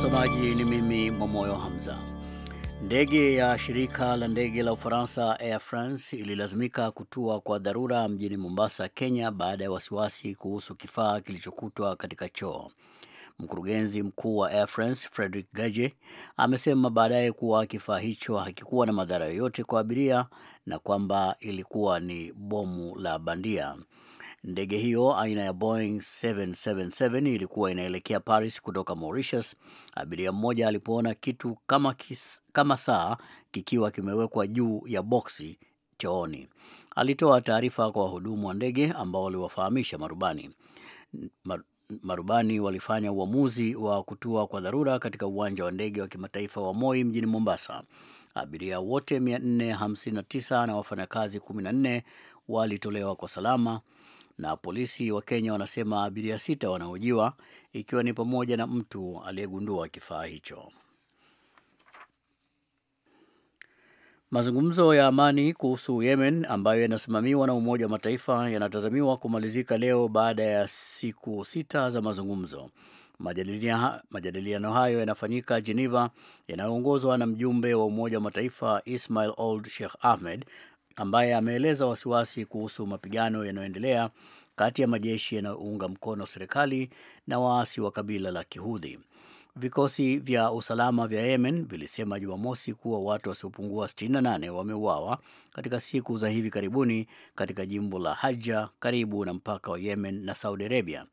Msomaji ni mimi Mwamoyo Hamza. Ndege ya shirika la ndege la Ufaransa Air France ililazimika kutua kwa dharura mjini Mombasa, Kenya, baada ya wasiwasi kuhusu kifaa kilichokutwa katika choo. Mkurugenzi mkuu wa Air France Frederic Gaje amesema baadaye kuwa kifaa hicho hakikuwa na madhara yoyote kwa abiria na kwamba ilikuwa ni bomu la bandia. Ndege hiyo aina ya Boeing 777 ilikuwa inaelekea Paris kutoka Mauritius. Abiria mmoja alipoona kitu kama, kis, kama saa kikiwa kimewekwa juu ya boksi chooni, alitoa taarifa kwa wahudumu wa ndege ambao waliwafahamisha marubani. Mar marubani walifanya uamuzi wa kutua kwa dharura katika uwanja wa ndege wa kimataifa wa Moi mjini Mombasa. Abiria wote 459 na wafanyakazi 14 walitolewa kwa salama na polisi wa Kenya wanasema abiria sita wanahojiwa ikiwa ni pamoja na mtu aliyegundua kifaa hicho. Mazungumzo ya amani kuhusu Yemen ambayo yanasimamiwa na Umoja wa Mataifa yanatazamiwa kumalizika leo baada ya siku sita za mazungumzo. Majadiliano hayo yanafanyika Geneva, yanayoongozwa na mjumbe wa Umoja wa Mataifa Ismail Old Sheikh Ahmed ambaye ameeleza wasiwasi kuhusu mapigano yanayoendelea kati ya majeshi yanayounga mkono serikali na waasi wa kabila la Kihudhi. Vikosi vya usalama vya Yemen vilisema Jumamosi kuwa watu wasiopungua 68 wameuawa katika siku za hivi karibuni katika jimbo la Haja karibu na mpaka wa Yemen na Saudi Arabia.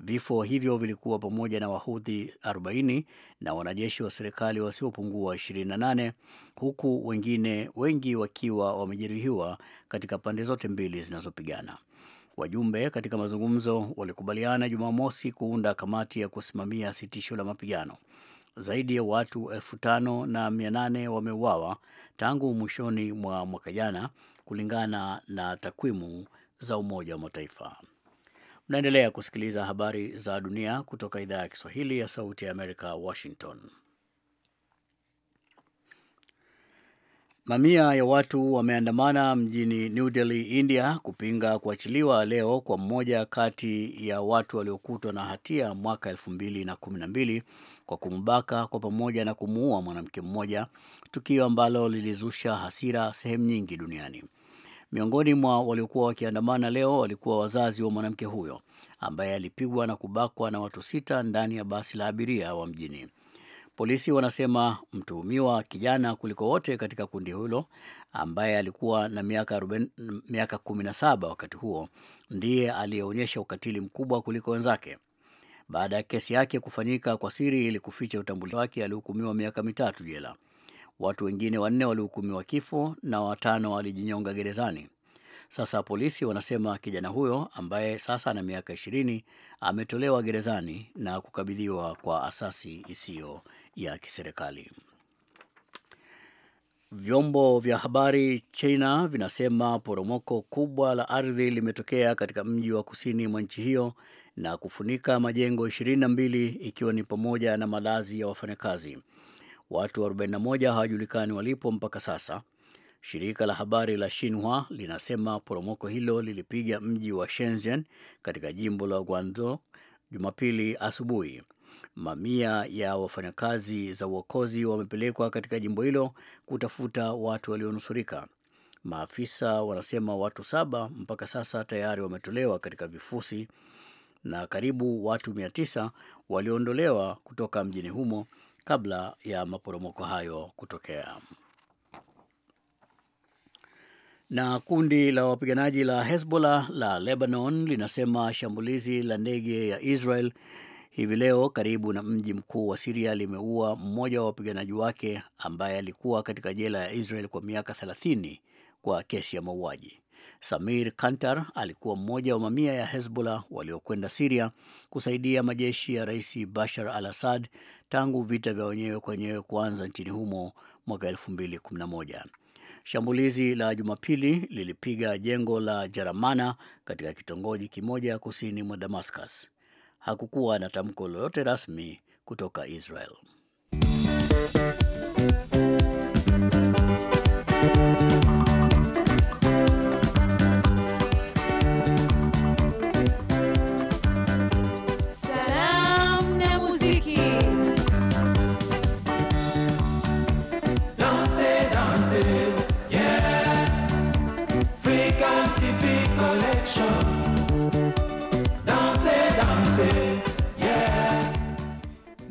Vifo hivyo vilikuwa pamoja na Wahudhi 40 na wanajeshi wa serikali wasiopungua 28 huku wengine wengi wakiwa wamejeruhiwa katika pande zote mbili zinazopigana. Wajumbe katika mazungumzo walikubaliana Jumamosi kuunda kamati ya kusimamia sitisho la mapigano. Zaidi ya watu elfu tano na mia nane wameuawa tangu mwishoni mwa mwaka jana, kulingana na takwimu za Umoja wa Mataifa. Mnaendelea kusikiliza habari za dunia kutoka idhaa ya Kiswahili ya Sauti ya Amerika, Washington. Mamia ya watu wameandamana mjini New Delhi, India kupinga kuachiliwa leo kwa mmoja kati ya watu waliokutwa na hatia mwaka elfu mbili na kumi na mbili kwa kumbaka kwa pamoja na kumuua mwanamke mmoja, tukio ambalo lilizusha hasira sehemu nyingi duniani. Miongoni mwa waliokuwa wakiandamana leo walikuwa wazazi wa mwanamke huyo ambaye alipigwa na kubakwa na watu sita ndani ya basi la abiria wa mjini. Polisi wanasema mtuhumiwa kijana kuliko wote katika kundi hilo ambaye alikuwa na miaka 17 wakati huo ndiye aliyeonyesha ukatili mkubwa kuliko wenzake. Baada ya kesi yake kufanyika kwa siri ili kuficha utambulisho wake, alihukumiwa miaka mitatu jela. Watu wengine wanne walihukumiwa kifo na watano walijinyonga gerezani. Sasa polisi wanasema kijana huyo ambaye sasa ana miaka ishirini ametolewa gerezani na kukabidhiwa kwa asasi isiyo ya kiserikali. Vyombo vya habari China vinasema poromoko kubwa la ardhi limetokea katika mji wa kusini mwa nchi hiyo na kufunika majengo 22 ikiwa ni pamoja na malazi ya wafanyakazi. Watu 41 hawajulikani walipo mpaka sasa. Shirika la habari la Xinhua linasema poromoko hilo lilipiga mji wa Shenzhen katika jimbo la Guangdong Jumapili asubuhi Mamia ya wafanyakazi za uokozi wamepelekwa katika jimbo hilo kutafuta watu walionusurika. Maafisa wanasema watu saba mpaka sasa tayari wametolewa katika vifusi na karibu watu tisa waliondolewa kutoka mjini humo kabla ya maporomoko hayo kutokea. Na kundi la wapiganaji la Hezbollah la Lebanon linasema shambulizi la ndege ya Israel hivi leo karibu na mji mkuu wa Siria limeua mmoja wa wapiganaji wake ambaye alikuwa katika jela ya Israel kwa miaka 30 kwa kesi ya mauaji. Samir Kantar alikuwa mmoja wa mamia ya Hezbollah waliokwenda Siria kusaidia majeshi ya Rais Bashar al Assad tangu vita vya wenyewe kwa wenyewe kuanza nchini humo mwaka 2011. Shambulizi la Jumapili lilipiga jengo la Jaramana katika kitongoji kimoja kusini mwa Damascus hakukuwa na tamko lolote rasmi kutoka Israel.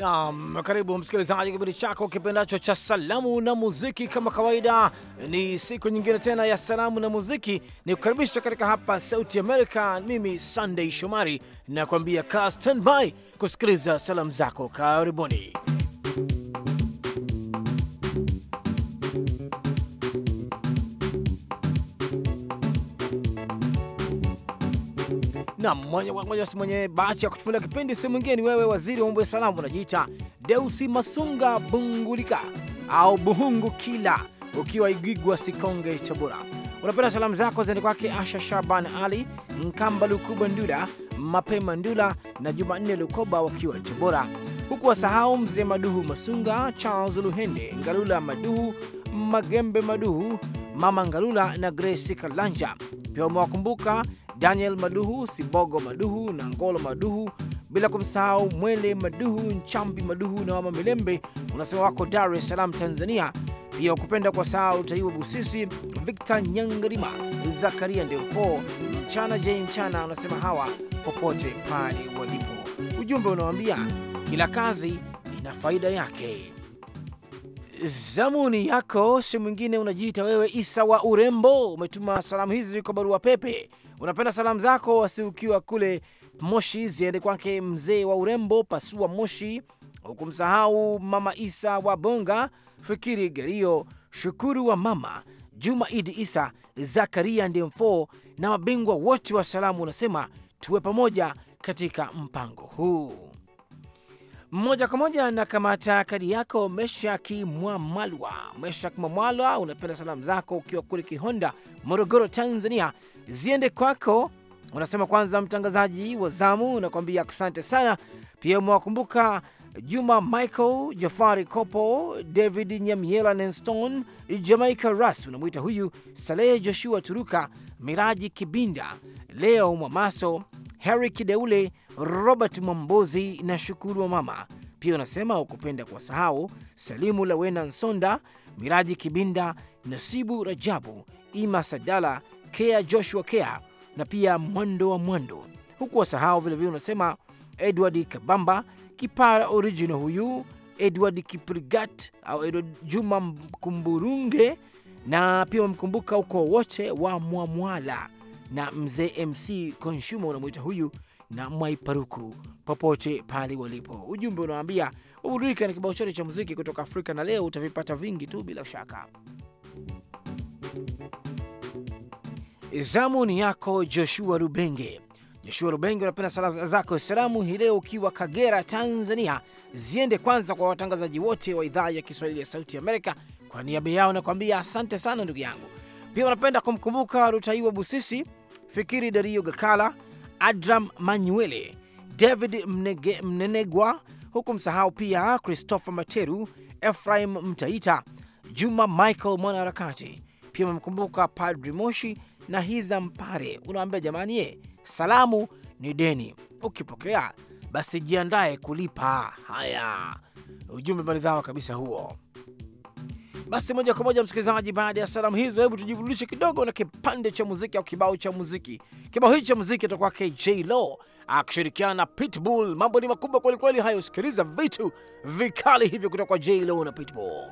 Naam, karibu msikilizaji, kipindi chako kipendacho cha salamu na muziki. Kama kawaida, ni siku nyingine tena ya salamu na muziki, ni kukaribisha katika hapa Sauti America. Mimi Sunday Shomari kuambia kaa standby kusikiliza salamu zako. Karibuni. na mmoja si mwenye bahati ya kutufunga kipindi sehemu ingine ni wewe, waziri wa mambo ya salamu, unajiita Deusi Masunga Bungulika au Buhungu Kila, ukiwa Igwigwa Sikonge, Tabora. Unapenda salamu zako zaende kwake Asha Shaban Ali Nkamba, Lukubwa Ndula, Mapema Ndula na Jumanne Lukoba wakiwa Tabora, huku wasahau mzee Maduhu Masunga, Charles Luhende, Ngalula Maduhu, Magembe Maduhu, Mama Ngalula na Grace Kalanja. Pia umewakumbuka Daniel Maduhu, Sibogo Maduhu na Ngolo Maduhu, bila kumsahau Mwele Maduhu, Nchambi Maduhu na Wama Milembe, unasema wako Dar es Salaam, Tanzania. Pia ukupenda kwa saa Utaiwa Busisi, Victor Nyangarima, Zakaria Ndemfo, Mchana J Mchana, unasema hawa popote pale walipo. Ujumbe unawaambia kila kazi ina faida yake zamuni yako si mwingine, unajiita wewe Isa wa Urembo. Umetuma salamu hizi kwa barua pepe, unapenda salamu zako wasiukiwa kule Moshi ziende kwake mzee wa urembo Pasua Moshi, huku msahau mama Isa wa Bonga, Fikiri Gario, Shukuru wa mama Juma Idi Isa, Zakaria Ndemfo na mabingwa wote wa salamu. Unasema tuwe pamoja katika mpango huu. Moja kwa moja na kamata kadi yako Meshaki Mwamalwa. Meshaki Mwamalwa, unapenda salamu zako ukiwa kule Kihonda, Morogoro, Tanzania, ziende kwako. Unasema kwanza, mtangazaji wa zamu, unakuambia asante sana. Pia umewakumbuka Juma Michael, Jafari Kopo, David Nyamiela, nenstone Jamaica Ras, unamwita huyu Salehe Joshua Turuka, Miraji Kibinda, Leo Mwamaso Harry Kideule, Robert Mambozi na Shukuru wa Mama. Pia unasema ukupenda sahau Salimu Lawena Nsonda, Miraji Kibinda, Nasibu Rajabu, Ima Sadala, Kea Joshua Kea na pia Mwando wa Mwando, huku wasahau vilevile unasema Edward Kabamba Kipara original huyu Edward Kiprigat au Edward Juma Mkumburunge, na pia wamkumbuka uko wote wa Mwamwala na mzee MC Consumer unamwita huyu na Mwaiparuku popote pale walipo. Ujumbe unawaambia waburudika na kibao chote cha muziki kutoka Afrika na leo utavipata vingi tu bila shaka. Zamu ni yako Joshua Rubenge. Joshua Rubenge, unapenda salamu zako salamu hii leo ukiwa Kagera, Tanzania, ziende kwanza kwa watangazaji wote wa idhaa ya Kiswahili ya Sauti Amerika. Kwa niaba yao nakwambia asante sana ndugu yangu. Pia unapenda kumkumbuka Rutaiwa Busisi Fikiri Dario Gakala, Adram Manyuele, David Mnege, Mnenegwa, huku msahau pia Christopher Materu, Efraim Mtaita, Juma Michael mwanaharakati. Pia amemkumbuka Padri Moshi na Hiza Mpare. Unaambia jamani, ye eh, salamu ni deni, ukipokea basi jiandaye kulipa. Haya, ujumbe maridhawa kabisa huo. Basi moja kwa moja, msikilizaji, baada ya salamu hizo, hebu tujiburudishe kidogo na kipande cha muziki au kibao cha muziki. Kibao hichi cha muziki atakuwa KJ Lo akishirikiana na Pitbull. Mambo ni makubwa kwelikweli hayo, sikiliza vitu vikali hivyo kutoka kwa J Lo na Pitbull.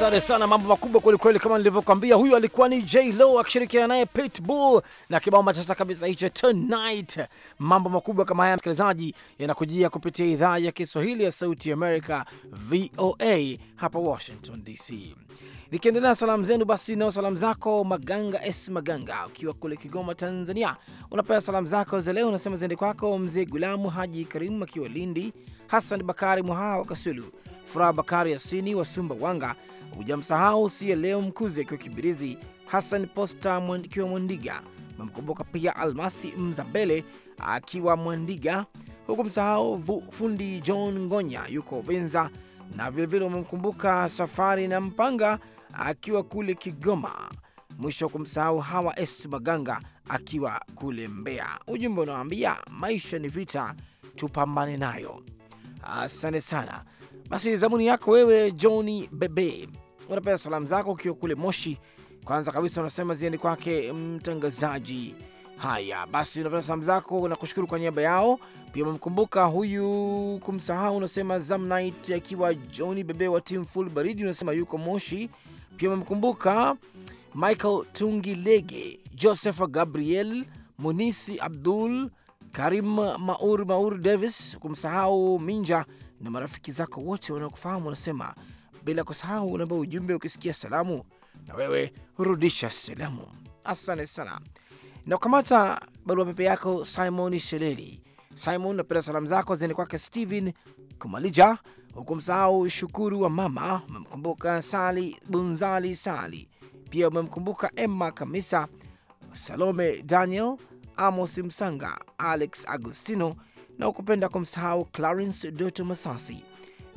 Asante sana, mambo makubwa kweli kweli. Kama nilivyokuambia, huyu alikuwa ni J Lo akishirikiana naye Pitbull na kibao machasa kabisa hicho tonight. Mambo makubwa kama haya, msikilizaji, yanakujia kupitia idhaa ya Kiswahili ya Sauti ya Amerika, VOA hapa Washington DC. Nikiendelea salamu zenu, basi nao salamu zako Maganga S Maganga, ukiwa kule Kigoma, Tanzania, unapewa salamu zako za leo, unasema ziende kwako mzee Gulamu Haji Karimu akiwa Lindi, Hassan Bakari Mwaha wa Kasulu, Furaha Bakari Yasini wa Sumba Wanga, Hujamsahau siye leo Mkuzi akiwa Kibirizi, Hassan Posta akiwa Mwandiga, memkumbuka pia Almasi Mzabele akiwa Mwandiga, huku msahau fundi John Ngonya yuko Venza, na vilevile wamemkumbuka Safari na Mpanga akiwa kule Kigoma. Mwisho wa kumsahau Hawa S Maganga akiwa kule Mbeya. Ujumbe unawaambia maisha ni vita, tupambane nayo. Asante sana. Basi zamuni yako wewe Johni Bebe unapenda salamu zako ukiwa kule Moshi. Kwanza kabisa unasema ziende kwake mtangazaji. Haya basi, unapenda salamu zako na kushukuru kwa niaba yao. Pia umemkumbuka huyu kumsahau, unasema Zamnit akiwa Johni Bebe wa timu Full Baridi, unasema yuko Moshi. Pia umemkumbuka Michael Tungilege, Joseph Gabriel, Munisi Abdul Karim, Maur Maur Davis, kumsahau Minja na marafiki zako wote wanaokufahamu, wanasema bila kusahau unaomba ujumbe ukisikia salamu na wewe hurudisha salamu. Asante sana. Na kukamata barua pepe yako Simon Sheleli. Simon, napenda salamu zako ziende kwake Steven Kumalija, huku msahau Shukuru wa mama, umemkumbuka Sali Bunzali Sali, pia umemkumbuka Emma Kamisa, Salome Daniel, Amos Msanga, Alex Agustino na ukupenda kumsahau Clarence Doto Masasi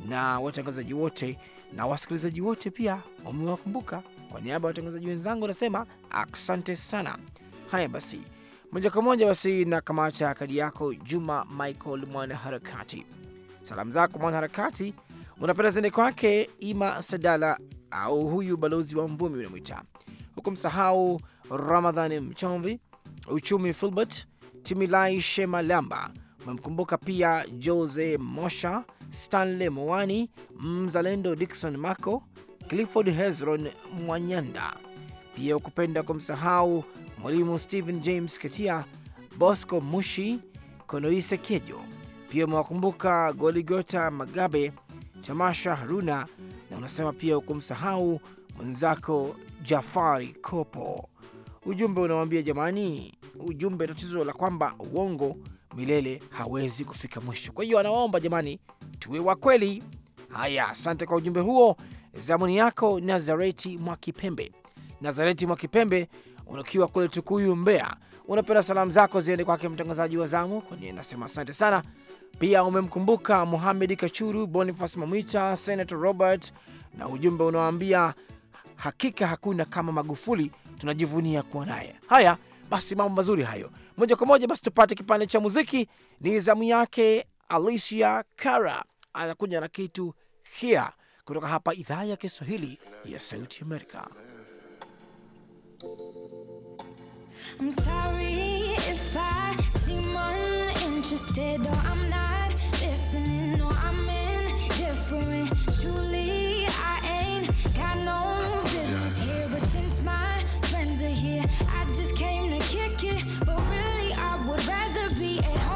na watangazaji wote na wasikilizaji wote pia wamewakumbuka. Kwa niaba ya watangazaji wenzangu anasema asante sana. Haya basi, moja kwa moja basi na kamata kadi yako, Juma Michael mwanaharakati. Salamu zako mwanaharakati unapenda zende kwake Ima Sadala au huyu balozi wa Mvumi unamwita huku, msahau Ramadhani Mchomvi, Uchumi Fulbert Timilai Shemalamba Memkumbuka pia Jose Mosha, Stanley Mowani, mzalendo Dikson Mako, Clifford Hezron Mwanyanda, pia ukupenda kumsahau mwalimu Stephen James Ketia, Bosco Mushi, Konoise Kejo. Pia umewakumbuka Goligota Magabe, Tamasha Haruna na unasema pia ukumsahau mwenzako Jafari Kopo. Ujumbe unawaambia jamani, ujumbe tatizo la kwamba uongo milele hawezi kufika mwisho. Kwa hiyo anawaomba jamani, tuwe wa kweli. Haya, asante kwa ujumbe huo. Zamuni yako Nazareti Mwakipembe. Nazareti Mwakipembe unakiwa kule Tukuyu, Mbeya, unapenda salamu zako ziende kwake mtangazaji wa zamu kwenye, nasema asante sana. Pia umemkumbuka muhamed Kachuru, Boniface Mamwita, Senator Robert, na ujumbe unawaambia hakika hakuna kama Magufuli, tunajivunia kuwa naye. Haya, basi mambo mazuri hayo. Moja kwa moja basi tupate kipande cha muziki, ni zamu yake Alicia Cara anakuja na kitu hia kutoka hapa idhaa ya Kiswahili ya Sauti Amerika. I'm sorry if I seem uninterested or I'm not listening or I'm indifferent. Truly it home.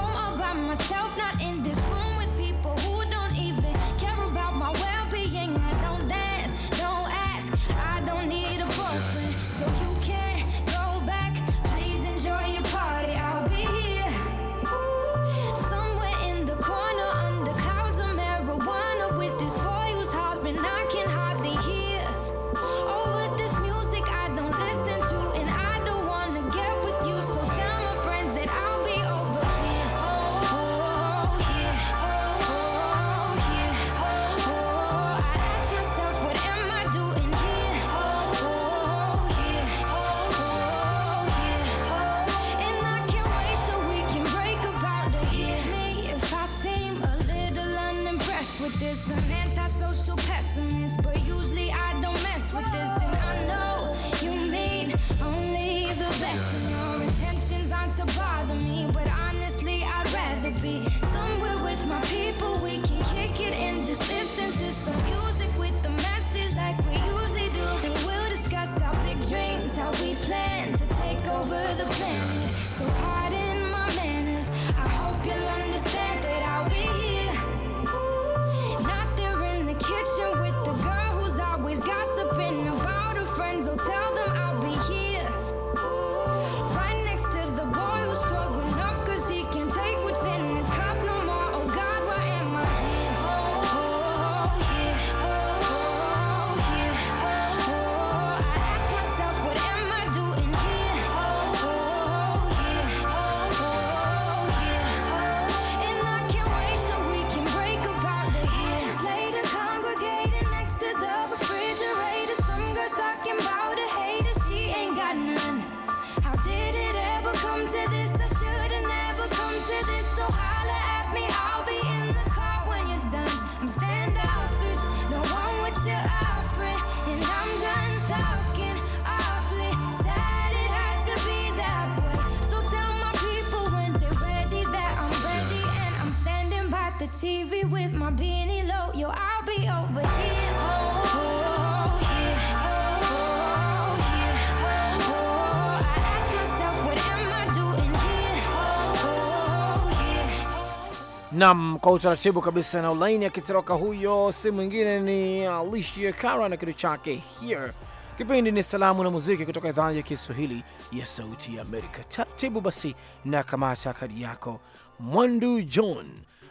Nam, kwa utaratibu kabisa na ulaini akitoroka huyo, si mwingine ni Alicia Cara na kitu chake here. Kipindi ni salamu na muziki kutoka idhaa ya Kiswahili ya Sauti ya Amerika. Taratibu basi na kamata kadi yako. Mwandu John,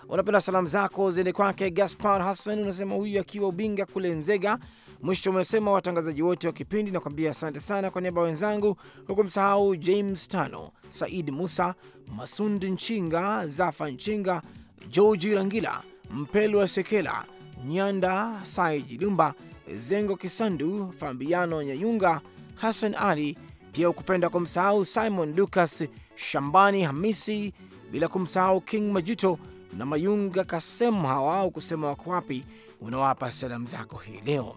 unapenda salamu zako ziende kwake Gaspar Hassan, unasema huyu akiwa Ubinga kule Nzega. Mwisho umesema watangazaji wote wa kipindi, nakwambia asante sana kwa niaba wenzangu, huku msahau James Tano, Said Musa, Masundi, Nchinga, Zafa Nchinga Georgi Rangila, Mpelwa Sekela, Nyanda Sai Dumba, Zengo Kisandu, Fambiano Nyayunga, Hassan Ali, pia ukupenda kumsahau Simon Lucas, Shambani Hamisi, bila kumsahau King Majuto na Mayunga Kasemu. Hawa ukusema wako wapi, unawapa salamu zako hii leo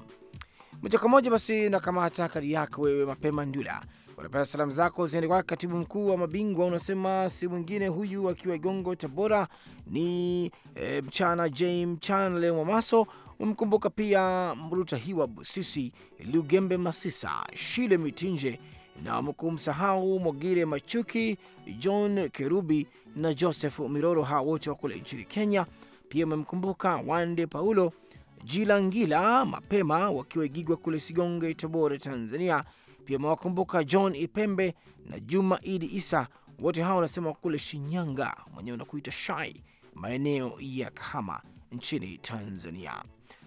moja kwa moja. Basi nakamata kadi yako wewe, mapema Ndula Unapata salamu zako ziende kwake katibu mkuu wa mabingwa, unasema si mwingine huyu akiwa Igongo Tabora ni e, mchana J mchana leo Mwamaso. Umemkumbuka pia Mruta Hiwa Busisi, Lugembe Masisa, Shile Mitinje na mkumsahau Mogire Machuki, John Kerubi na Joseph Miroro, hawa wote wa kule nchini Kenya. Pia umemkumbuka Wande Paulo Jilangila mapema wakiwa Igigwa kule Sigonge, Tabora, Tanzania pia mwakumbuka John Ipembe na Juma Idi Isa, wote hao wanasema kule Shinyanga, mwenyewe unakuita Shai, maeneo ya Kahama nchini Tanzania.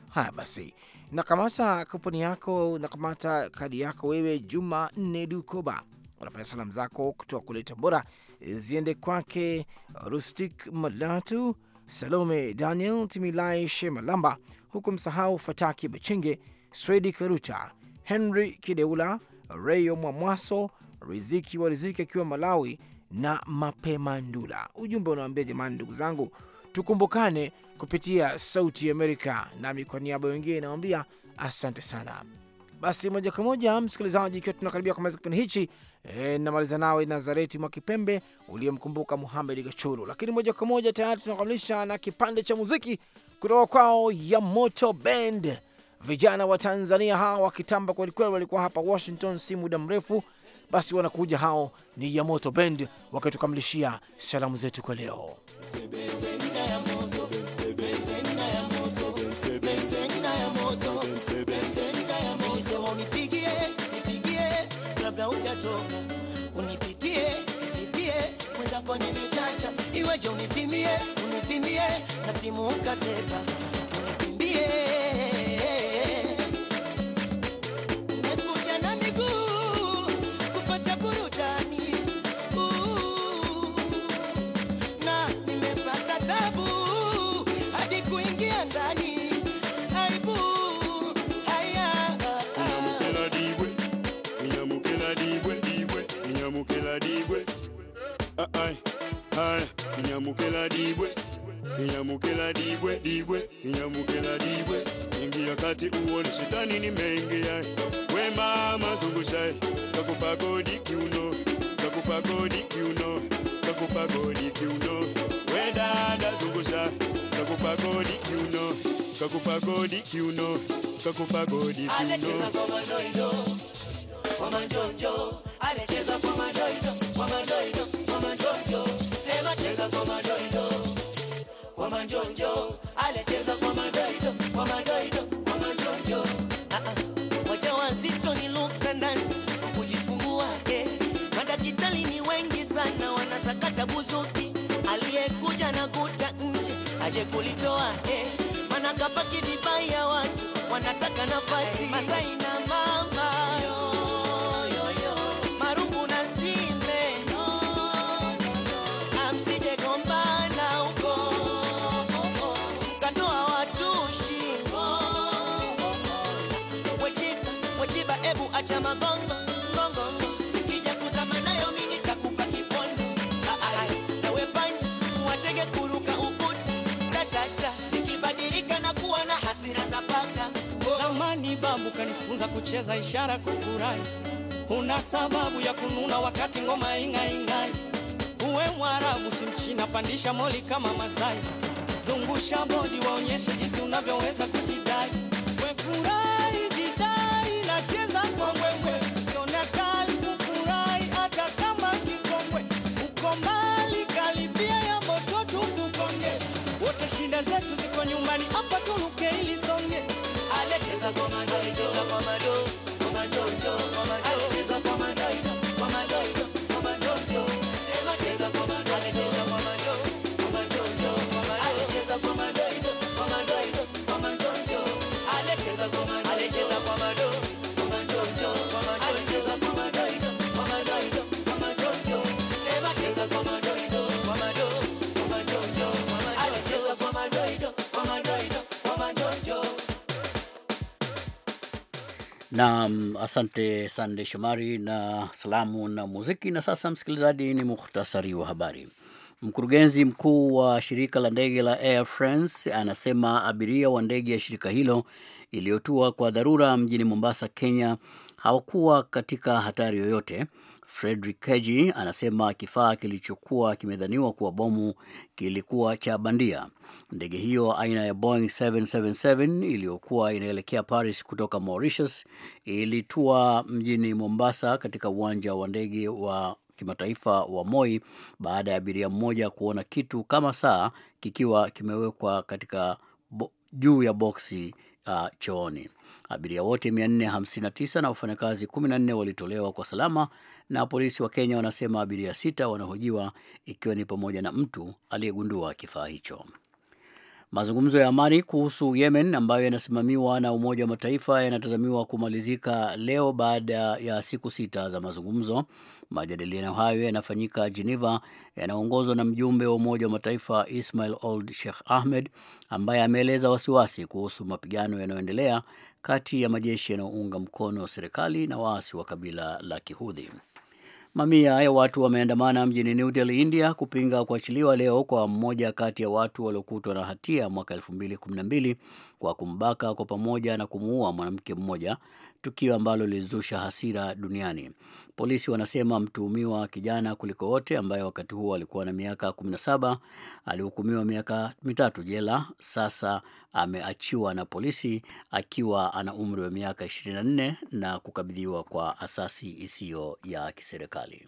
Haya basi, nakamata kuponi yako, nakamata kadi yako wewe, Juma Nne Dukoba, unapata salamu zako kutoka kule Tabora ziende kwake Rustik Malatu, Salome Daniel, Timilai Shemalamba, huku msahau Fataki Bachenge, Swedi Karuta, Henry Kideula, Reyo Mwamwaso Riziki wa Riziki akiwa Malawi na Mapema Ndula. Ujumbe unawambia jamani, ndugu zangu, tukumbukane kupitia Sauti ya Amerika, nami kwa niaba wengine inawambia asante sana. Basi moja kwa moja, msikilizaji, ikiwa tunakaribia kumaliza kipindi hichi e, namaliza nawe Nazareti mwa Kipembe uliyemkumbuka Muhamed Gachuru, lakini moja kwa moja tayari tunakamilisha na kipande cha muziki kutoka kwao ya Moto Band vijana wa Tanzania hawa wakitamba kwelikweli, walikuwa hapa Washington si muda mrefu. Basi wanakuja hao, ni Yamoto Bend wakitukamilishia salamu zetu kwa leo. Unisimie, unikimbie inyamukela dibwe inyamukela dibwe dibwe inyamukela dibwe ingia kati uone shetani ni mengi ya We mama zungushai kakupa godi kiuno kakupa godi kiuno kakupa godi kiuno We dada zungusha kakupa godi kiuno kakupa godi kiuno kakupa godi kiuno anacheza kwa mandoido kwa manjonjo anacheza kwa mandoido kwa mandoido waje kulitoa eh, mana kabaki vibaya, watu wanataka nafasi Masai na mama yo, acha magongo kija kuzama nayo mimi nitakupa kipondo ah, ah, ah. nawe dada, nikibadilika na kuwa na hasira za paka. Zamani babu kanifunza kucheza ishara kufurahi, huna sababu ya kununa wakati ngoma ing'aing'ai. Uwe Mwarabu si Mchina, pandisha moli kama Masai, zungusha bodi, waonyeshe jinsi unavyoweza kujidai. zetu ziko nyumbani Naam, asante Sande Shomari na salamu na muziki. Na sasa, msikilizaji, ni muhtasari wa habari. Mkurugenzi mkuu wa shirika la ndege la Air France anasema abiria wa ndege ya shirika hilo iliyotua kwa dharura mjini Mombasa, Kenya hawakuwa katika hatari yoyote Frederick Keji anasema kifaa kilichokuwa kimedhaniwa kuwa bomu kilikuwa cha bandia. Ndege hiyo aina ya Boeing 777 iliyokuwa inaelekea Paris kutoka Mauritius ilitua mjini Mombasa katika uwanja wa ndege wa kimataifa wa Moi baada ya abiria mmoja kuona kitu kama saa kikiwa kimewekwa katika juu ya boksi uh, chooni. Abiria wote 459 na wafanyakazi 14 walitolewa kwa salama, na polisi wa Kenya wanasema abiria sita wanahojiwa ikiwa ni pamoja na mtu aliyegundua kifaa hicho. Mazungumzo ya amani kuhusu Yemen ambayo yanasimamiwa na Umoja wa Mataifa yanatazamiwa kumalizika leo baada ya siku sita za mazungumzo. Majadiliano hayo yanafanyika Geneva, yanaongozwa na mjumbe wa Umoja wa Mataifa Ismail Old Sheikh Ahmed ambaye ameeleza wasiwasi kuhusu mapigano yanayoendelea kati ya majeshi yanayounga mkono serikali na waasi wa kabila la Kihudhi. Mamia ya watu wameandamana mjini New Delhi, India, kupinga kuachiliwa leo kwa mmoja kati ya watu waliokutwa na hatia mwaka 2012 kwa kumbaka kwa pamoja na kumuua mwanamke mmoja, tukio ambalo lilizusha hasira duniani. Polisi wanasema mtuhumiwa kijana kuliko wote, ambaye wakati huo alikuwa na miaka 17, alihukumiwa miaka mitatu jela. Sasa ameachiwa na polisi akiwa ana umri wa miaka 24 na kukabidhiwa kwa asasi isiyo ya kiserikali.